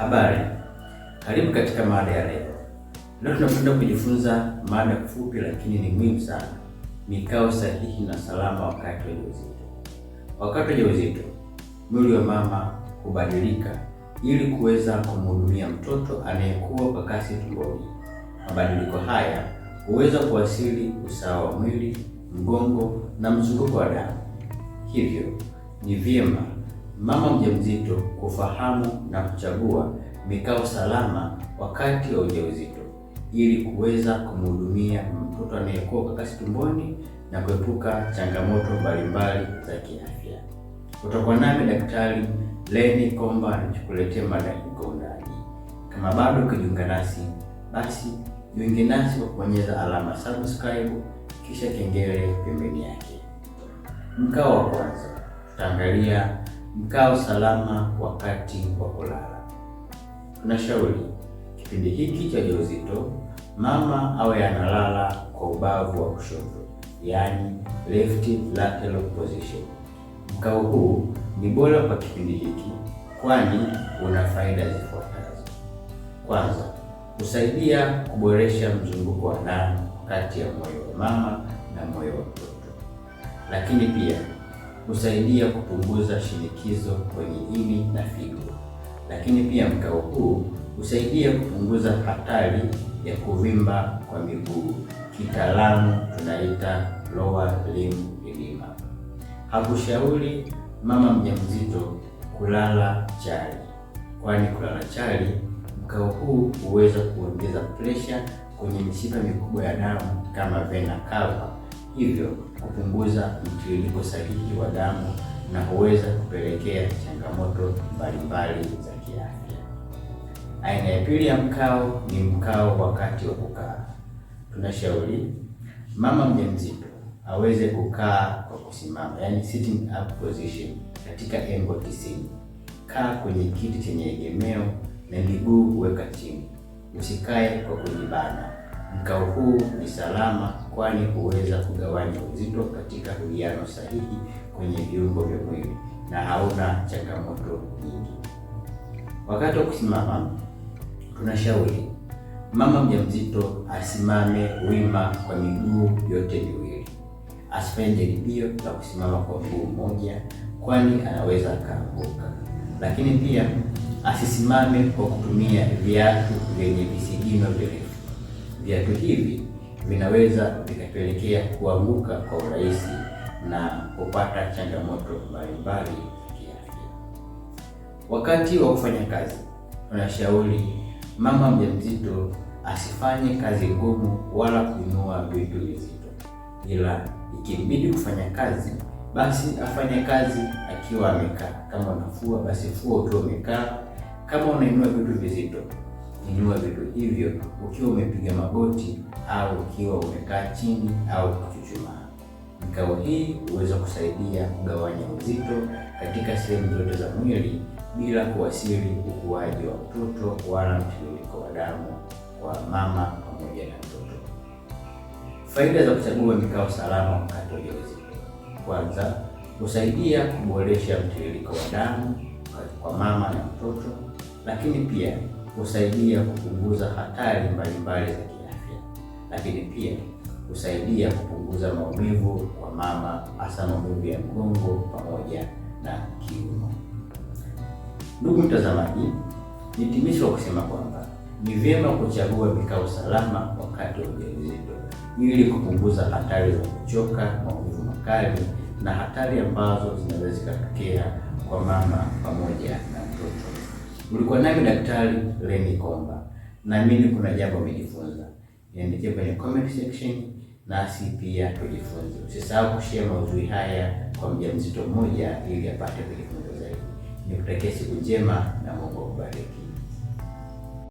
Habari, karibu katika mada ya leo. Leo tunakwenda kujifunza mada fupi lakini ni muhimu sana, mikao sahihi na salama wakati wa ujauzito. Wakati wa ujauzito, mwili wa mama hubadilika ili kuweza kumhudumia mtoto anayekuwa kwa kasi tumboni. Mabadiliko haya huweza kuasili usawa wa mwili, mgongo na mzunguko wa damu, hivyo ni vyema mama mjamzito kufahamu na kuchagua mikao salama wakati wa ujauzito ili kuweza kumhudumia mtoto anayekuwa kwa kasi tumboni na kuepuka changamoto mbalimbali za kiafya. Utakuwa nami Daktari Lenny Komba anachokuletea mada ya uundaji. Kama bado ukijiunga nasi, basi jiunge nasi kwa kubonyeza alama subscribe, kisha kengele pembeni yake. Mkao wa kwanza tutaangalia mkao salama wakati wa kulala. Tunashauri kipindi hiki cha ujauzito mama awe analala kwa ubavu wa kushoto, yaani left lateral position. Mkao huu ni bora kwa kipindi hiki kwani una faida zifuatazo. Kwanza, husaidia kuboresha mzunguko wa damu kati ya moyo wa mama na moyo wa mtoto, lakini pia husaidia kupunguza shinikizo kwenye ini na figo, lakini pia mkao huu husaidia kupunguza hatari ya kuvimba kwa miguu, kitaalamu tunaita lower limb edema. Hakushauri mama mjamzito kulala chali, kwani kulala chali, mkao huu huweza kuongeza presha kwenye mishipa mikubwa ya damu kama vena cava hivyo kupunguza mtiririko sahihi wa damu na huweza kupelekea changamoto mbalimbali za kiafya. Aina ya pili ya mkao ni mkao wakati wa kukaa. Tunashauri mama mjamzito aweze kukaa kwa kusimama, yani sitting up position, katika engo tisini. Kaa kwenye kiti chenye egemeo na miguu huweka chini, usikae kwa kujibana. Mkao huu ni salama, kwani huweza kugawanya uzito katika uwiano sahihi kwenye viungo vya mwili na hauna changamoto nyingi. Wakati wa kusimama, tunashauri mama mjamzito asimame wima kwa miguu yote miwili, asifanye jaribio la kusimama kwa mguu mmoja, kwani anaweza akaanguka. Lakini pia asisimame kwa kutumia viatu vyenye visigino virefu viatu hivi vinaweza vikapelekea kuanguka kwa urahisi na kupata changamoto mbalimbali kiafya. Wakati wa kufanya kazi, tunashauri mama mjamzito asifanye kazi ngumu wala kuinua vitu vizito, ila ikimbidi kufanya kazi, basi afanye kazi akiwa amekaa. Kama unafua, basi fua ukiwa umekaa. Kama unainua vitu vizito kuinua vitu hivyo ukiwa umepiga magoti au ukiwa umekaa chini au kuchuchumaa. Mikao hii huweza kusaidia kugawanya uzito katika sehemu zote za mwili bila kuathiri ukuaji wa mtoto wala mtiririko wa damu kwa mama pamoja na mtoto. Faida za kuchagua mikao salama wakati wa ujauzito: kwanza, husaidia kuboresha mtiririko wa damu kwa mama na mtoto, lakini pia husaidia kupunguza hatari mbalimbali za kiafya, lakini pia husaidia kupunguza maumivu kwa mama, hasa maumivu ya mgongo pamoja na kiuno. Ndugu mtazamaji, nitimisho wa kusema kwamba ni vyema kuchagua vikao salama wakati wa ujauzito ili kupunguza hatari za kuchoka, maumivu makali na hatari ambazo zinaweza zikatokea kwa mama pamoja na mtoto. Ulikuwa nami Daktari Lenny Komba, naamini kuna jambo umejifunza. Niandikie kwenye comment section, nasi pia tujifunze. Usisahau kushare maudhui haya kwa mjamzito mmoja, ili apate kujifunza zaidi. Nikutakia siku njema na Mungu akubariki.